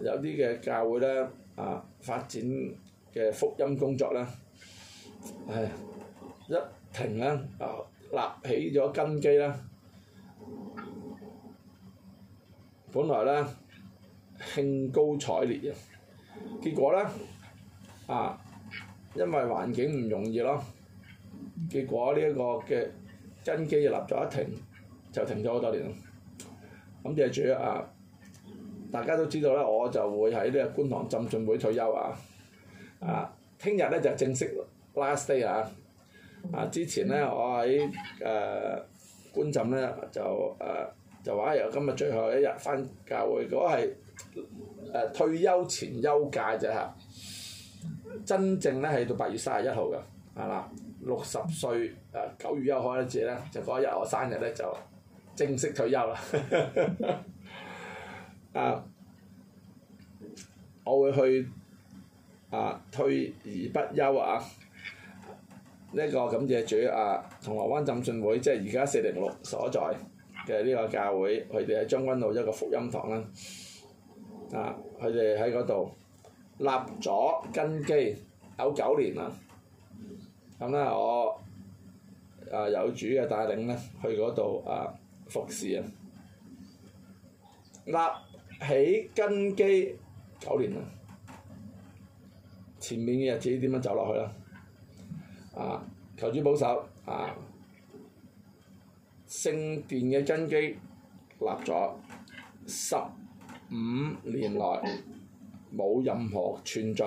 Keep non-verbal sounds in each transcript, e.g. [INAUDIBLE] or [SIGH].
有啲嘅教會咧，啊發展嘅福音工作咧，係、哎、一停咧，啊立起咗根基啦，本來咧興高采烈嘅，結果咧啊，因為環境唔容易咯，結果呢一個嘅根基立咗一停，就停咗好多年咯。咁謝主要啊！大家都知道咧，我就會喺呢個觀塘浸信會退休啊！啊，聽日咧就是、正式 last day 啊！啊，之前咧我喺誒、呃、觀浸咧就誒、呃、就話，由今日最後一日返教會。嗰個係誒退休前休假啫嚇，真正咧係到八月三十一號噶，係、啊、嘛？六十歲誒、呃、九月一開始咧，就嗰一日我生日咧就正式退休啦。 [LAUGHS] 啊！我會去啊，退而不休啊！呢、這個感謝主啊，銅鑼灣浸信會即係而家四零六所在嘅呢個教會，佢哋喺將軍澳一個福音堂啦。啊！佢哋喺嗰度立咗根基，有九年啦。咁、啊、咧，我啊有主嘅帶領咧，去嗰度啊服侍。啊，立。起根基九年啦，前面嘅日子點樣走落去啦？啊，求主保守啊，聖殿嘅根基立咗十五年來冇任何寸進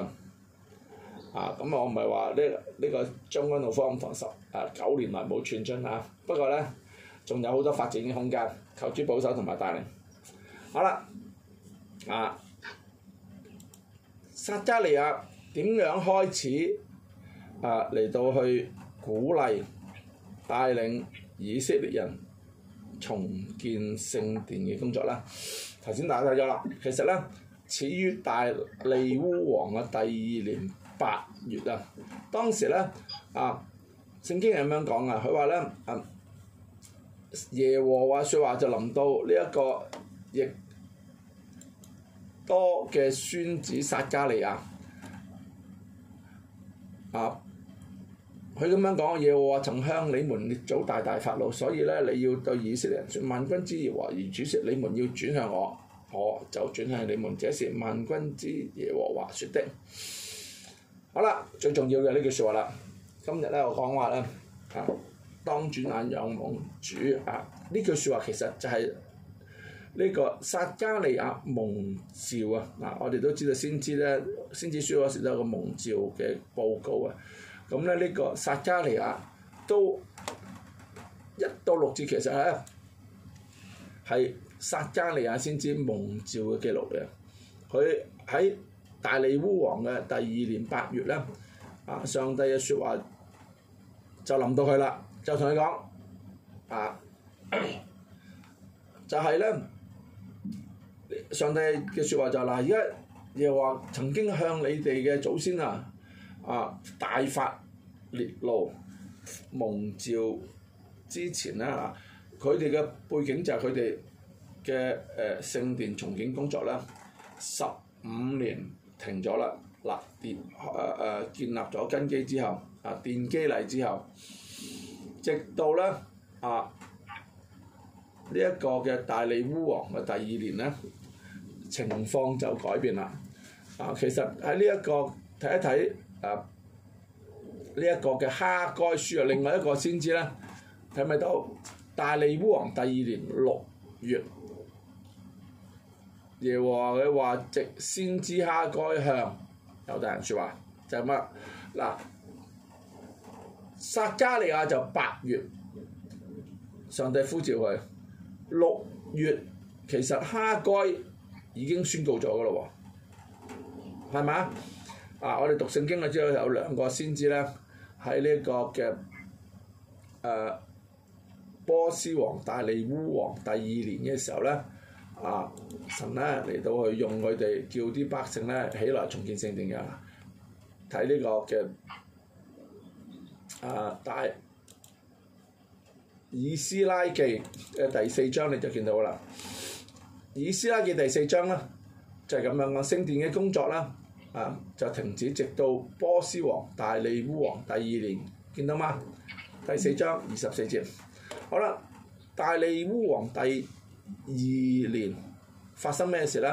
啊！咁、這個這個、啊，我唔係話呢呢個將軍澳方堂十啊九年來冇寸進啊，不過咧仲有好多發展嘅空間，求主保守同埋帶領。好啦。啊，撒迦利亞點樣開始啊，嚟到去鼓勵帶領以色列人重建聖殿嘅工作呢？頭先大家睇咗啦，其實咧，始於大利烏王嘅第二年八月啊。當時咧，啊聖經係咁樣講啊，佢話咧，啊耶和華嘅説話就臨到呢一個亦多嘅孫子撒加利亞，啊，佢咁樣講嘅嘢喎，我曾向你們列祖大大發怒，所以咧你要對以色列人說，萬軍之耶和華而主席，你們要轉向我，我就轉向你們。這是萬軍之耶和華説的。好啦，最重要嘅呢句説話啦，今日咧我講話咧，啊，當轉眼仰望主啊，呢句説話其實就係、是。呢個撒迦利亞蒙召啊！嗱，我哋都知道先知咧，先知書嗰時都有個蒙召嘅報告啊。咁咧呢個撒迦利亞都一到六節，其實咧係撒迦利亞先知蒙召嘅記錄嘅。佢喺大利烏王嘅第二年八月咧，啊，上帝嘅説話就臨到佢啦，就同佢講啊，就係、是、咧。上帝嘅説話就係、是、嗱，而家又話曾經向你哋嘅祖先啊，啊大發烈怒，蒙召之前咧啊，佢哋嘅背景就係佢哋嘅誒聖殿重建工作啦，十五年停咗啦，嗱奠誒誒建立咗根基之後，啊奠基禮之後，直到咧啊呢一、這個嘅大利烏王嘅第二年咧。情況就改變啦！啊，其實喺呢、這個、一看、啊這個睇一睇，誒呢一個嘅哈該書啊，另外一個先知啦，睇咪都大利烏王第二年六月，耶和華嘅話直先知哈該向有大人説話，就係乜嗱？撒加利亞就八月，上帝呼召佢。六月其實哈該。已經宣告咗噶咯喎，係咪啊？啊，我哋讀聖經啦，之後有兩個先知咧，喺呢個嘅誒、呃、波斯王大利烏王第二年嘅時候咧，啊，神咧嚟到去用佢哋叫啲百姓咧起來重建聖殿嘅，睇呢個嘅啊、呃、大以斯拉記嘅第四章你就見到啦。以斯拉記第四章啦，就係、是、咁樣嘅聖殿嘅工作啦，啊，就停止直到波斯王大利烏王第二年，見到嗎？第四章二十四節，好啦，大利烏王第二年發生咩事咧？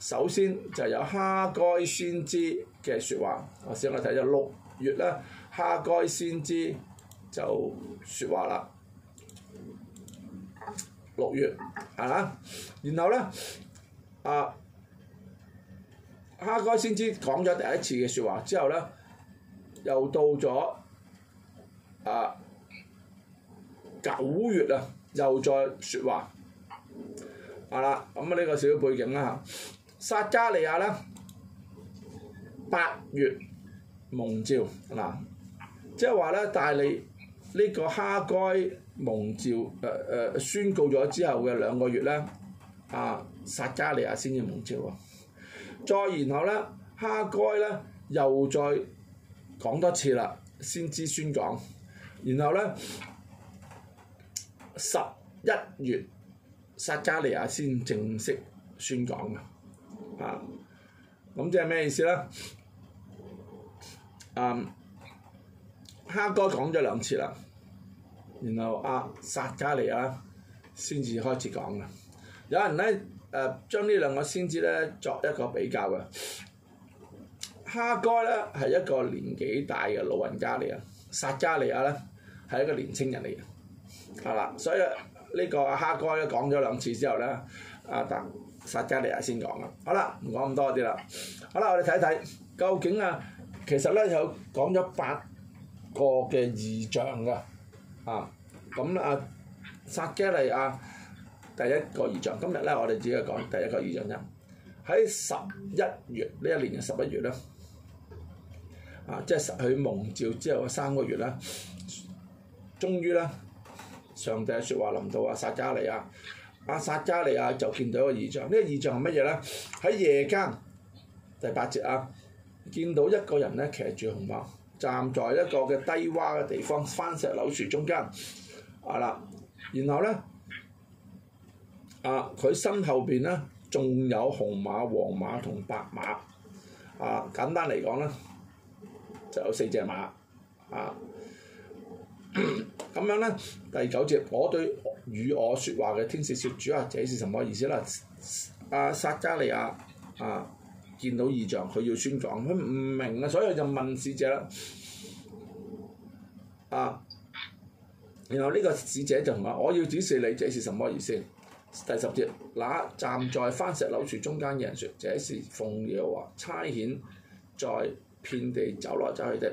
首先就有哈該先知嘅説話，我先我睇咗六月咧，哈該先知就説話啦。六月，係啦，然後咧，阿、啊、哈該先知講咗第一次嘅説話，之後咧，又到咗啊九月啊，又再説話，係啦，咁啊呢個少少背景啦嚇、啊，撒加利亞咧八月夢兆嗱，即係話咧帶你呢個哈該。蒙召誒誒宣告咗之後嘅兩個月咧，啊，撒迦利亞先至蒙召啊，再然後咧，哈該咧又再講多次啦，先知宣講，然後咧十一月撒迦利亞先正式宣講嘅，啊，咁即係咩意思咧？嗯，哈該講咗兩次啦。然後啊，撒加利亞先至開始講嘅。有人咧誒，將呢兩個先知咧作一個比較嘅。哈該咧係一個年紀大嘅老人家嚟啊，撒加利亞咧係一個年青人嚟嘅。啊啦，所以呢個啊，哈該講咗兩次之後咧，啊等撒加利亞先講啊。好啦，唔講咁多啲啦。好啦，我哋睇睇究竟啊。其實咧有講咗八個嘅異象㗎。啊，咁啊，撒加利亞第一個異象，今日咧我哋只係講第一個異象。人喺十一月，呢一年嘅十一月咧，啊即係佢蒙召之後三個月啦，終於咧上帝嘅説話臨到啊撒加利亞，阿、啊、撒加利亞就見到一個異象。呢、這個異象係乜嘢咧？喺夜間第八節啊，見到一個人咧騎住紅馬。站在一個嘅低洼嘅地方，番石榴樹中間，啊啦，然後咧，啊佢身後邊咧，仲有紅馬、黃馬同白馬，啊簡單嚟講咧，就有四隻馬，啊，咁 [COUGHS] 樣咧，第九節，我對與我說話嘅天使說，主啊，這是什麼意思啦、啊？啊撒迦利亞啊。見到異象，佢要宣講，佢唔明啊，所以就問使者啦，啊，然後呢個使者就話：我要指示你，這是什麼意思？第十節，那站在番石榴樹中間嘅人說：這是奉耶和華差遣，在遍地走來走去的。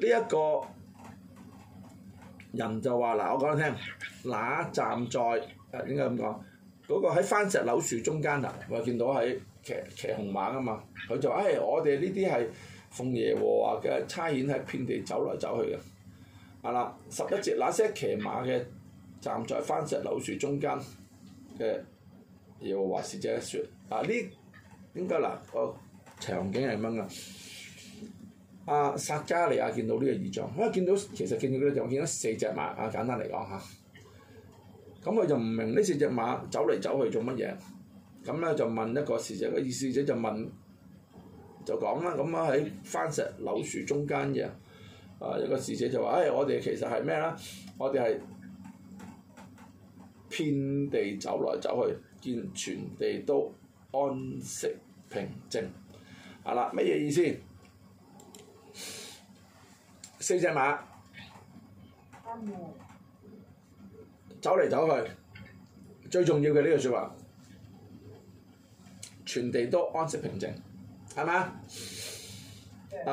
呢、這、一個人就話：嗱，我講你聽，那站在誒、啊、應該咁講。嗰個喺番石榴樹中間啊，我見到喺騎騎紅馬啊嘛，佢就誒、哎，我哋呢啲係奉耶和華嘅差遣喺遍地走來走去嘅。啊嗱，十一節那些騎馬嘅站在番石榴樹中間嘅耶和華使者，啊呢點解嗱個場景係乜嘅？阿、啊、撒迦利亞見到呢個異象，啊見到其實見到佢就見到四隻馬啊，簡單嚟講嚇。啊咁佢就唔明呢四隻馬走嚟走去做乜嘢，咁咧就問一個侍者，個侍者就問，就講啦，咁啊喺番石榴樹中間嘅，啊一個侍者就話，唉、哎，我哋其實係咩呢？我哋係遍地走嚟走去，見全地都安息平靜，係啦，乜嘢意思？四隻馬。嗯走嚟走去，最重要嘅呢句説話，全地都安息平靜，係咪 [NOISE] 啊？啊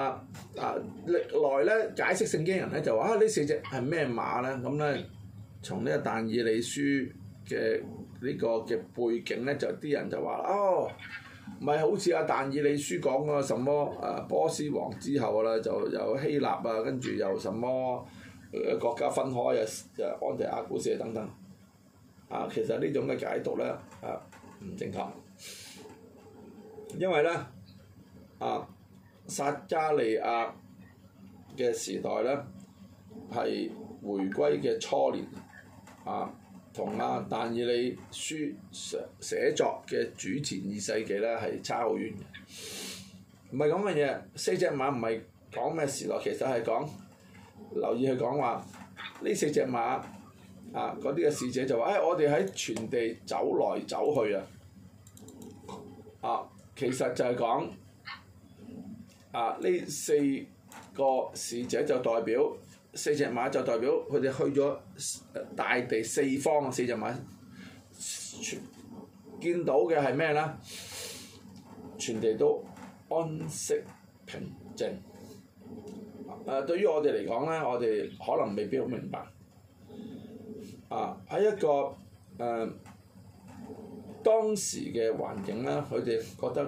啊歷來咧解釋聖經人咧就話啊四隻呢四隻係咩馬咧？咁咧從呢個但以理書嘅呢、這個嘅、這個這個、背景咧，就啲人就話哦，唔係好似阿、啊、但以理書講個什麼啊波斯王之後啦，就有希臘啊，跟住又什麼？誒國家分開啊，安提阿古斯啊等等，啊其實呢種嘅解讀咧，啊唔正確，因為咧啊薩加利亞嘅時代咧係回歸嘅初年，啊同啊但以理書寫作嘅主前二世紀咧係差好遠嘅，唔係噉嘅嘢，四隻馬唔係講咩時代，其實係講。留意佢講話，呢四隻馬，啊，嗰啲嘅使者就話：誒、哎，我哋喺全地走來走去啊！啊，其實就係講，啊，呢四個使者就代表四隻馬就代表佢哋去咗大地四方啊！四隻馬全見到嘅係咩咧？全地都安息平靜。誒，對於我哋嚟講咧，我哋可能未必好明白啊！喺一個誒、呃、當時嘅環境咧，佢哋覺得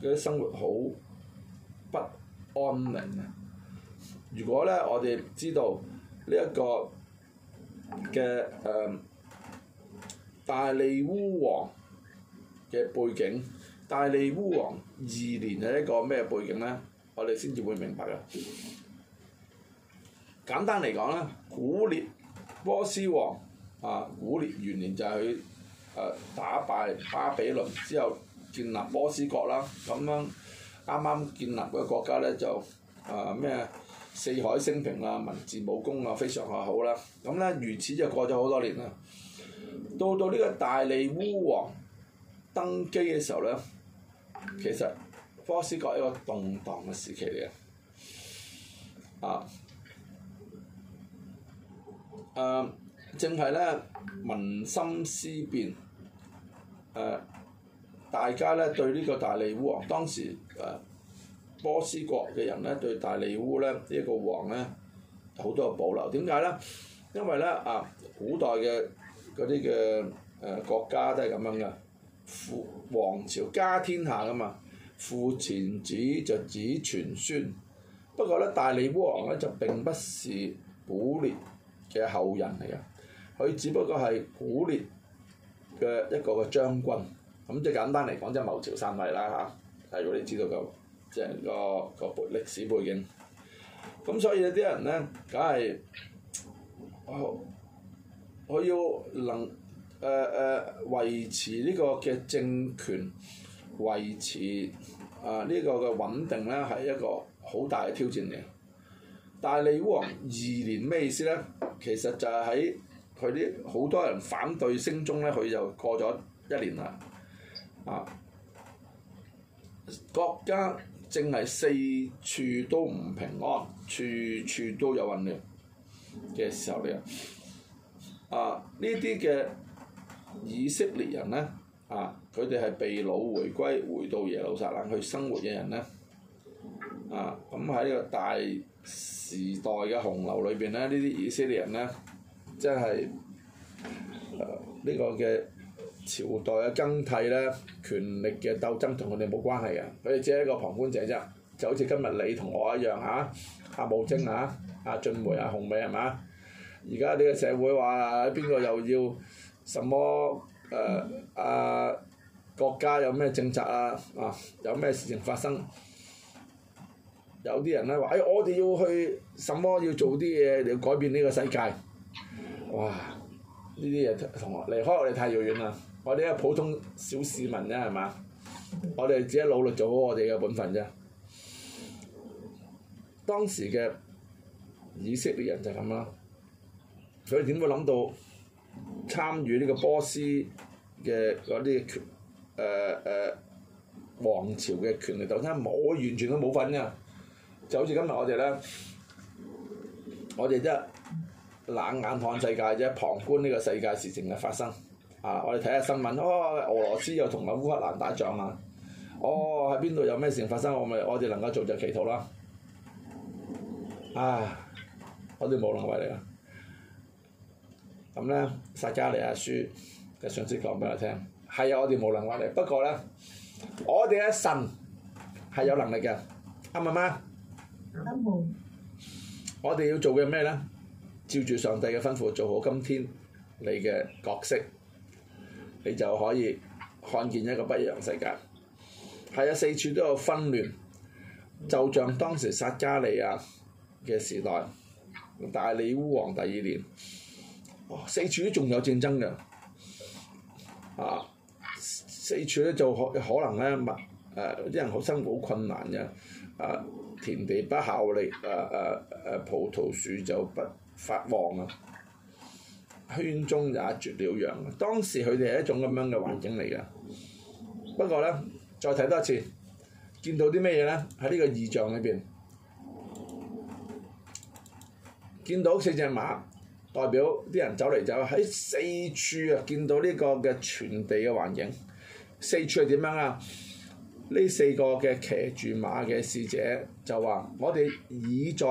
嗰啲生活好不安寧嘅。如果咧，我哋知道呢一個嘅誒、呃、大利烏王嘅背景，大利烏王二年嘅一個咩背景咧，我哋先至會明白嘅。簡單嚟講咧，古列波斯王啊，古列元年就係佢誒打敗巴比倫之後，建立波斯國啦。咁樣啱啱建立嘅國家咧就誒咩、啊、四海升平啊，文治武功啊，非常係好啦。咁、啊、咧，如此就過咗好多年啦。到到呢個大利烏王登基嘅時候咧，其實波斯國係一個動盪嘅時期嚟嘅，啊。誒、呃、正係咧，民心思變。誒、呃，大家咧對呢個大利烏王，當時誒、呃、波斯國嘅人咧對大利烏咧呢一、這個王咧好多保留。點解咧？因為咧啊，古代嘅嗰啲嘅誒國家都係咁樣嘅，父皇朝家天下㗎嘛，父傳子就子傳孫。不過咧，大利烏王咧就並不是補裂。嘅後人嚟嘅，佢只不過係古列嘅一個個將軍，咁即係簡單嚟講，即係謀朝篡位啦吓，係，如果你知道嘅，即、就、係、是、個個背歷史背景，咁所以有啲人咧，梗係我我要能誒誒維持呢個嘅政權，維持啊呢、呃這個嘅穩定咧，係一個好大嘅挑戰嚟。大利烏王二年咩意思咧？其實就係喺佢啲好多人反對聲中咧，佢就過咗一年啦。啊，國家正係四處都唔平安，處處都有混亂嘅時候嚟啊，呢啲嘅以色列人咧，啊，佢哋係被擄回歸回到耶路撒冷去生活嘅人咧。啊，咁喺呢個大時代嘅洪流裏邊咧，呢啲以色列人咧，即係誒呢個嘅朝代嘅更替咧，權力嘅鬥爭同佢哋冇關係嘅，佢哋只係一個旁觀者啫。就好似今日你同我一樣嚇，阿武貞嚇，阿俊、啊啊、梅阿洪美係嘛？而家呢個社會話啊，邊個又要什麼誒、呃、啊，國家有咩政策啊？啊，有咩事情發生？有啲人咧話：誒、哎，我哋要去什麼要做啲嘢嚟改變呢個世界？哇！呢啲嘢同學離開我哋太遙遠啦。我哋一個普通小市民啫，係嘛？我哋只係努力做好我哋嘅本分啫。當時嘅以色列人就係咁啦，佢點會諗到參與呢個波斯嘅嗰啲權誒誒王朝嘅權力鬥爭？我完全都冇份㗎。就好似今日我哋咧，我哋一冷眼看世界啫，旁觀呢個世界事情嘅發生。啊，我哋睇下新聞，哦，俄羅斯又同埋烏克蘭打仗啊，哦，喺邊度有咩事情發生，我咪我哋能夠做就祈禱啦。啊，我哋無能為力啦。咁、啊、咧，撒迦利亞書嘅信息講俾、啊、我聽，係我哋無能為力。不過咧，我哋嘅神係有能力嘅，啱唔啱？我哋要做嘅咩呢？照住上帝嘅吩咐，做好今天你嘅角色，你就可以看見一個不一樣世界。係啊，四處都有紛亂，就像當時撒迦利亞嘅時代，大利烏王第二年，四處都仲有戰爭嘅啊！四處咧就可可能咧物誒啲人好生活好困難嘅啊！田地不效力，誒誒誒，葡萄樹就不發旺啊！圈中也絕了羊，當時佢哋係一種咁樣嘅環境嚟㗎。不過咧，再睇多一次，見到啲咩嘢咧？喺呢個異象裏邊，見到四隻馬，代表啲人走嚟走去喺四處啊！見到呢個嘅全地嘅環境，四處係點樣啊？呢四個嘅騎住馬嘅使者就話：我哋已在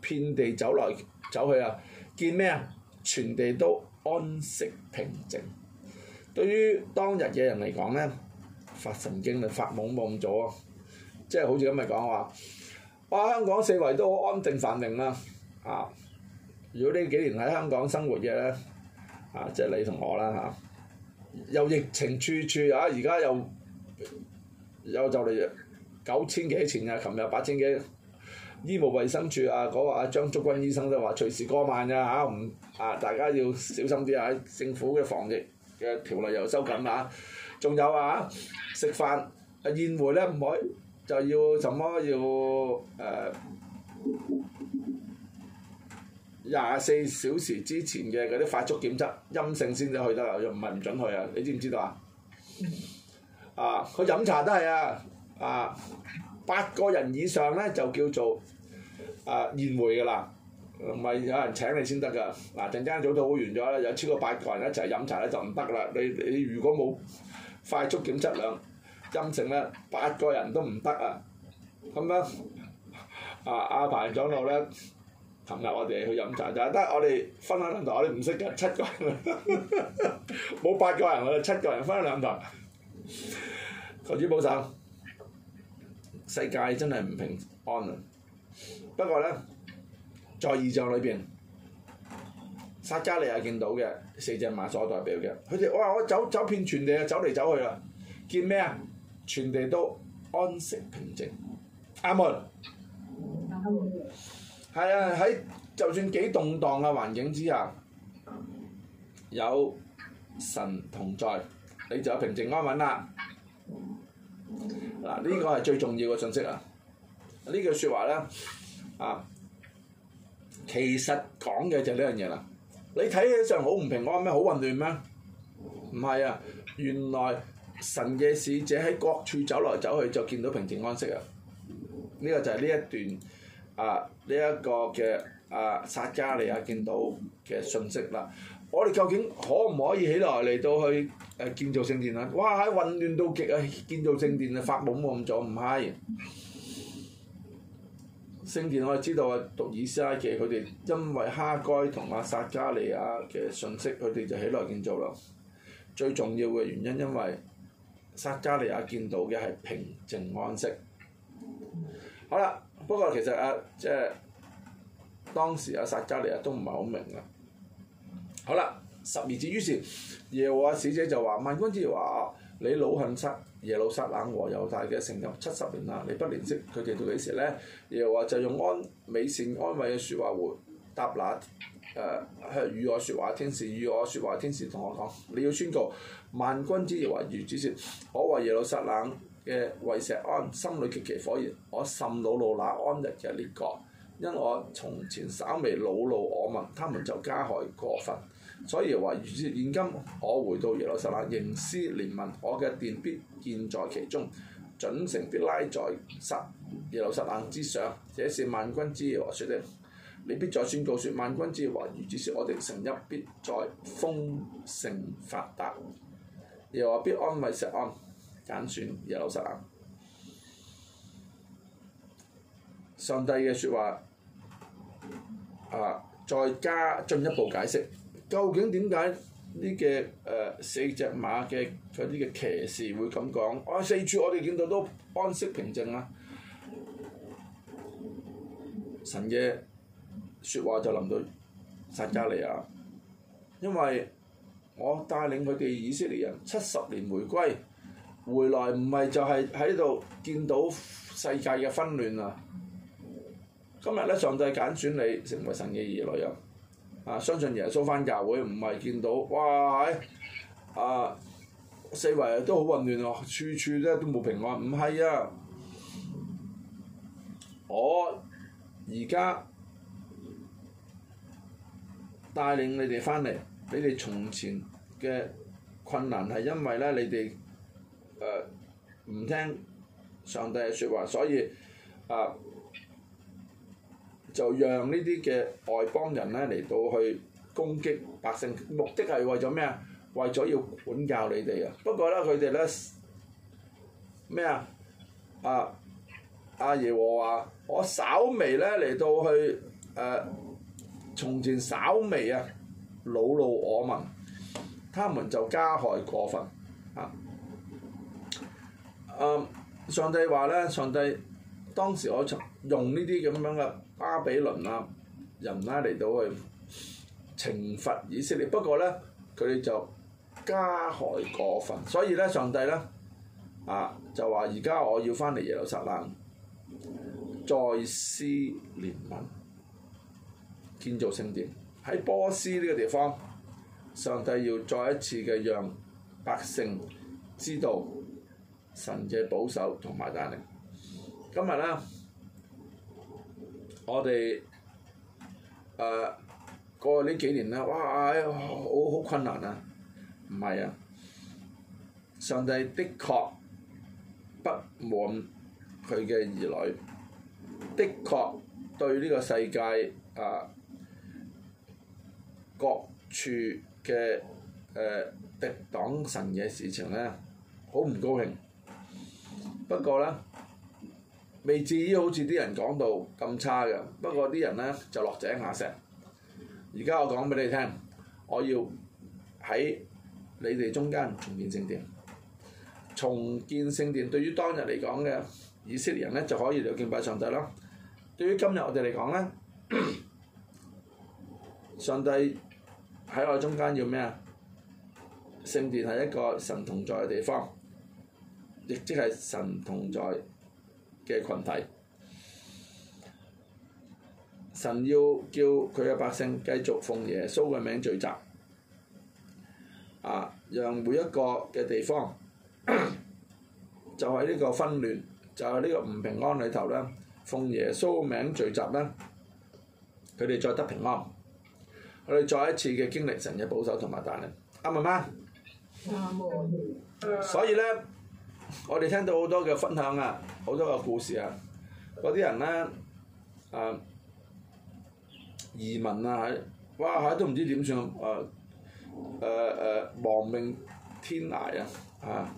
遍地走來走去啦，見咩啊？全地都安息平靜。對於當日嘅人嚟講咧，發神經啦，發懵懵咗。即係好似噉嘅講話，我香港四圍都好安定繁榮啦，啊，啊！如果呢幾年喺香港生活嘅咧，啊，即係你同我啦嚇，啊，又疫情處處啊，而家又。有就嚟九千幾錢啊！琴日八千幾。醫務衛生署啊，講話張竹君醫生都話隨時過萬㗎吓，唔啊大家要小心啲啊！政府嘅防疫嘅條例又收緊啦，仲、啊、有啊食飯啊宴會咧，唔可以就要什麼要誒廿四小時之前嘅嗰啲快速檢測陰性先至去得又唔係唔準去啊！你知唔知道啊？啊！佢飲茶都係啊！啊，八個人以上咧就叫做啊宴會㗎啦，唔係有人請你先得㗎。嗱、啊，陣間早早完咗啦，有超過八個人一齊飲茶咧就唔得啦。你你如果冇快速檢測量陰性咧，八個人都唔得啊！咁樣啊，阿排長老咧，琴日我哋去飲茶，就係得我哋分開兩台，我哋唔識㗎，七個人，冇 [LAUGHS] 八個人，我哋七個人分開兩台。求主保守，世界真係唔平安啊！不過咧，在異象裏邊，撒迦利亞見到嘅四隻馬所代表嘅，佢哋我話我走走遍全地啊，走嚟走去啦，見咩啊？全地都安息平靜。阿門。係啊，喺就算幾動盪嘅環境之下，有神同在。你就有平靜安穩啦，嗱，這，呢個係最重要嘅信息啊！呢句說話咧，啊，其實講嘅就係呢樣嘢啦。你睇起上好唔平安咩？好混亂咩？唔係啊，原來神嘅使者喺各處走來走去，就見到平靜安息，這個，啊！呢，這個就係呢一段啊，呢一個嘅啊撒迦利亞見到嘅信息啦。我哋究竟可唔可以起來嚟到去誒建造聖殿啊？哇！喺混亂到極啊、哎！建造聖殿啊，法老冇咁做，唔係聖殿。我哋知道啊，讀以斯拉記，佢哋因為哈該同阿撒迦利亞嘅訊息，佢哋就起來建造咯。最重要嘅原因，因為撒迦利亞見到嘅係平靜安息。好啦，不過其實啊，即係當時阿撒迦利亞都唔係好明啊。好啦，十二節於是，耶和華使者就話萬軍之言話、啊、你老恨七耶路撒冷和猶大嘅城邑七十年啦，你不憐惜佢哋到幾時咧？耶和華就用安美善安慰嘅説話回答那，誒向與我説話天使與我説話天使同我講，你要宣告萬軍之言話如主説，我為耶路撒冷嘅為錫安，心裏極其火熱，我甚老老那安日嘅列國，因我從前稍微老老我民，他們就加害過分。所以話，如現今我回到耶路撒冷，仍施憐憫，我嘅殿必建在其中，準繩必拉在實耶路撒冷之上，這是萬軍之耶和華説的。你必再宣告説：萬軍之耶和華如此説，我哋城邑必再豐盛發達。耶和華必安慰錫安，揀選耶路撒冷。上帝嘅説話啊，再加進一步解釋。究竟點解呢嘅誒四隻馬嘅嗰啲嘅騎士會咁講？啊，四處我哋見到都安息平靜啊！神嘅説話就臨到撒迦利亞，因為我帶領佢哋以色列人七十年回歸，回來唔係就係喺度見到世界嘅紛亂啊！今日咧上帝揀選你成為神嘅兒女啊！啊！相信耶穌翻教會唔係見到，哇啊，四圍都好混亂喎，啊，處處咧都冇平安，唔係啊！我而家帶領你哋翻嚟，你哋從前嘅困難係因為咧你哋誒唔聽上帝嘅説話，所以啊～，呃就讓呢啲嘅外邦人咧嚟到去攻擊百姓，目的係為咗咩啊？為咗要管教你哋啊！不過咧，佢哋咧咩啊？啊！阿耶和華、啊，我稍微咧嚟到去誒、啊、從前稍微啊惱怒我民，他們就加害過分啊！啊！上帝話咧，上帝當時我從用呢啲咁樣嘅。巴比倫啦、啊，人拉嚟到去懲罰以色列，不過咧佢哋就加害過分，所以咧上帝咧啊就話：而家我要翻嚟耶路撒冷，再施憐憫，建造聖殿。喺波斯呢個地方，上帝要再一次嘅讓百姓知道神嘅保守同埋大能。今日咧。我哋誒、呃、過去呢幾年咧，哇！哎，好好困難啊，唔係啊，上帝的確不滿佢嘅兒女，的確對呢個世界啊、呃、各處嘅誒敵擋神嘅事情咧，好唔高興。不過咧。未至於好似啲人講到咁差嘅，不過啲人咧就落井下石。而家我講俾你聽，我要喺你哋中間重建聖殿。重建聖殿對於當日嚟講嘅以色列人咧，就可以嚟敬拜上帝咯。對於今日我哋嚟講咧，上帝喺我中間要咩啊？聖殿係一個神同在嘅地方，亦即係神同在。嘅羣體，神要叫佢嘅百姓繼續奉耶穌嘅名聚集，啊，讓每一個嘅地方，就喺呢個紛亂，就喺呢個唔平安裏頭咧，奉耶穌嘅名聚集咧，佢哋再得平安，我哋再一次嘅經歷神嘅保守同埋大能，啱唔啱？啱啊！所以咧，我哋聽到好多嘅分享啊！好多個故事啊！嗰啲人咧，誒、啊、移民啊喺，哇喺都唔知點算啊！誒、啊、誒亡命天涯啊嚇、啊，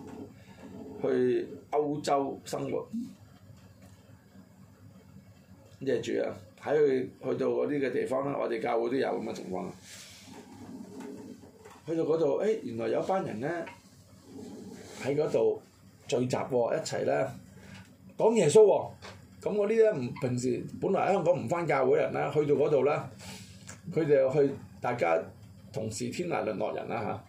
去歐洲生活，即係住啊！喺佢去，去到嗰啲嘅地方咧，我哋教會都有咁嘅情況。去到嗰度，誒、欸、原來有一班人咧喺嗰度聚集喎、啊，一齊咧。講耶穌喎、哦，咁我啲咧唔平時本來喺香港唔翻教會人啦，去到嗰度咧，佢哋又去大家同是天涯淪落人啦吓、啊，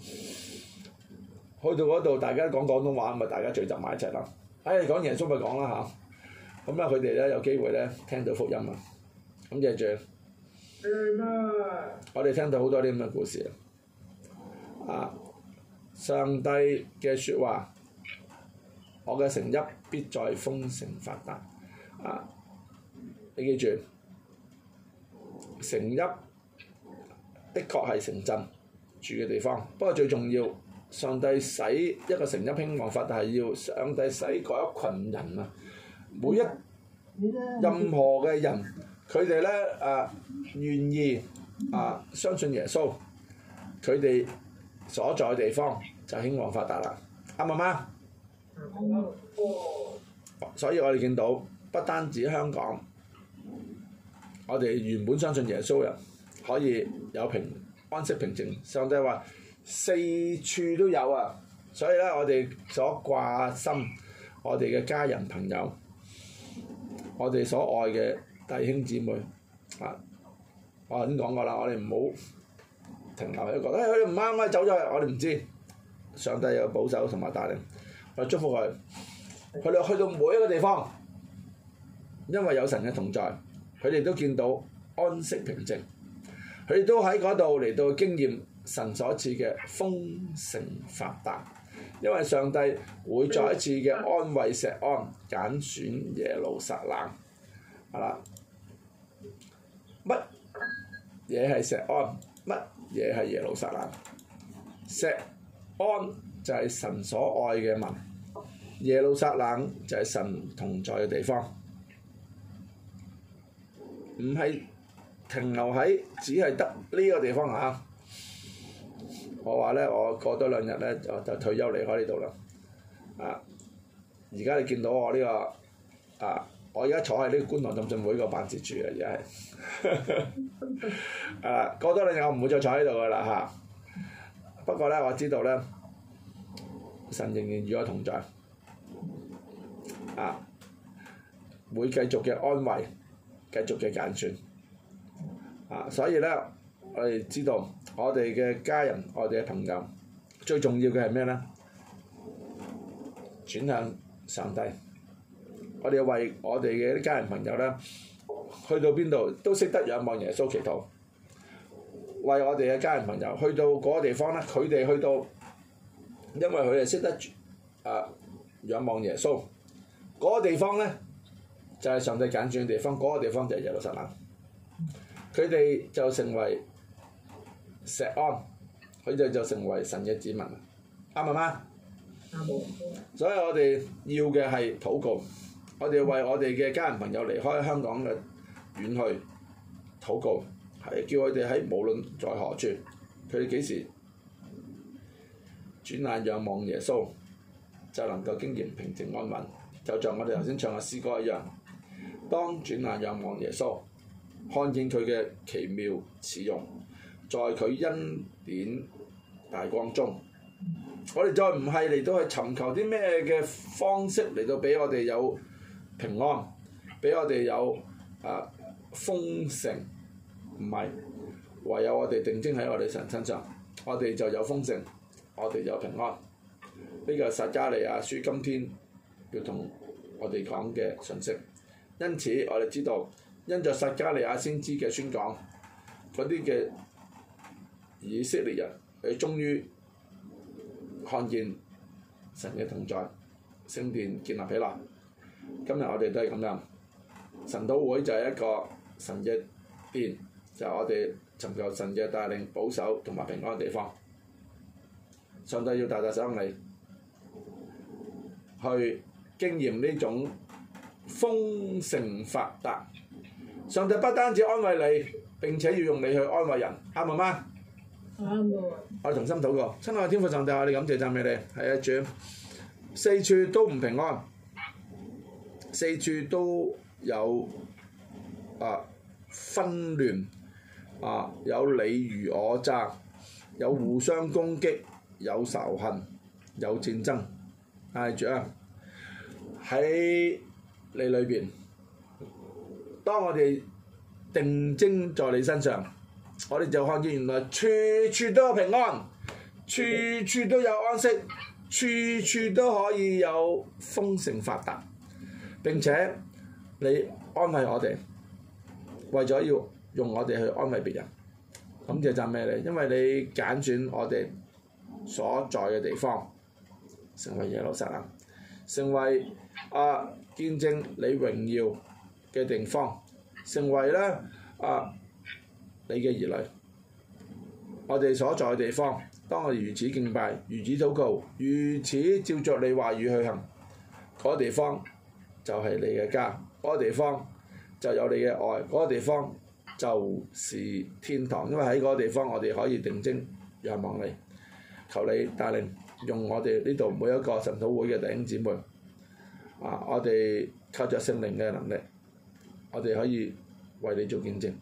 去到嗰度大家講廣東話，咁咪大家聚集埋一齊啦。哎，講耶穌咪講啦吓，咁啊佢哋咧有機會咧聽到福音啊，咁亦住，嗯、我哋聽到好多啲咁嘅故事啦，啊，上帝嘅説話。我嘅城邑必在豐盛發達。啊，你記住，城邑的確係城鎮住嘅地方，不過最重要，上帝使一個城邑興旺發達係要上帝使嗰一群人啊，每一任何嘅人，佢哋咧啊願意啊相信耶穌，佢哋所在嘅地方就興旺發達啦，啱唔啱？所以我哋見到，不單止香港，我哋原本相信耶穌人可以有平安息、平靜。上帝話四處都有啊，所以咧我哋所掛心，我哋嘅家人朋友，我哋所愛嘅弟兄姊妹，啊，我頭先講過啦，我哋唔好停留喺一個，唉，佢哋唔啱，唔係走咗去，我哋唔知。上帝有保守同埋帶領。就祝福佢，佢哋去到每一個地方，因為有神嘅同在，佢哋都見到安息平靜，佢哋都喺嗰度嚟到經驗神所賜嘅豐盛發達，因為上帝會再一次嘅安慰錫安，揀選耶路撒冷，係啦，乜嘢係錫安？乜嘢係耶路撒冷？錫安就係神所愛嘅民。耶路撒冷就係、是、神同在嘅地方，唔係停留喺只係得呢個地方嚇、啊。我話咧，我過多兩日咧就就退休離開呢度啦。啊！而家你見到我呢、這個啊，我而家坐喺呢個觀塘浸信會個辦事處 [LAUGHS] 啊，而家係啊過多兩日我唔會再坐喺度噶啦嚇。不過咧，我知道咧，神仍然與我同在。啊！會繼續嘅安慰，繼續嘅揀選。啊，所以咧，我哋知道我哋嘅家人、我哋嘅朋友，最重要嘅係咩咧？轉向上帝。我哋為我哋嘅家人朋友咧，去到邊度都識得仰望耶穌祈禱，為我哋嘅家人朋友去到嗰個地方咧，佢哋去到，因為佢哋識得誒、啊、仰望耶穌。嗰個地方咧，就係上帝揀選嘅地方。嗰個地方就係耶路撒冷，佢哋就成為錫安，佢哋就成為神嘅子民，啱唔啱？啱。所以我哋要嘅係禱告，我哋為我哋嘅家人朋友離開香港嘅遠去禱告，係叫佢哋喺無論在何處，佢哋幾時轉眼仰望耶穌，就能夠經驗平靜安穩。就像我哋頭先唱嘅詩歌一樣，當轉眼仰望耶穌，看見佢嘅奇妙慈容，在佢恩典大光中，我哋再唔係嚟到去尋求啲咩嘅方式嚟到俾我哋有平安，俾我哋有啊豐盛，唔係唯有我哋定睛喺我哋神身上，我哋就有豐盛，我哋有平安。呢、這個撒迦利亞説：書今天要同我哋講嘅信息，因此我哋知道因着撒加利亞先知嘅宣講，嗰啲嘅以色列人佢終於看見神嘅同在，聖殿建立起來。今日我哋都係咁樣，神都會就係一個神嘅殿，就係我哋尋求神嘅帶領、保守同埋平安嘅地方。上帝要大大賞你去。經驗呢種豐盛發達，上帝不單止安慰你，並且要用你去安慰人，啱唔啱？啱嘅喎。我哋同心禱告，親愛嘅天父上帝，我哋感謝讚美你，係啊主。四處都唔平安，四處都有啊紛亂，啊有爾虞我詐，有互相攻擊，有仇恨，有戰爭，係主啊！喺你裏邊，當我哋定睛在你身上，我哋就看見原來處處都有平安，處處都有安息，處處都可以有豐盛發達。並且你安慰我哋，為咗要用我哋去安慰別人，咁就讚咩咧？因為你揀選我哋所在嘅地方，成為耶路撒冷。成為啊，見證你榮耀嘅地方，成為咧啊，你嘅兒女，我哋所在嘅地方，當我哋如此敬拜、如此禱告、如此照着你話語去行，嗰、那個地方就係你嘅家，嗰、那個地方就有你嘅愛，嗰、那個地方就是天堂，因為喺嗰個地方我哋可以定睛仰望你，求你帶領。用我哋呢度每一個神討會嘅弟兄姊妹，啊！我哋靠着聖靈嘅能力，我哋可以為你做見證，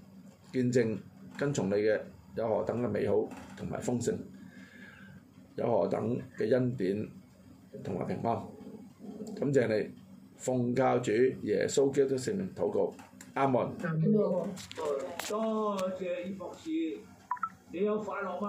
見證跟從你嘅有何等嘅美好同埋豐盛，有何等嘅恩典同埋平安。感謝你奉教主耶穌基督聖靈禱告，阿門。多謝博士，你有快樂嗎？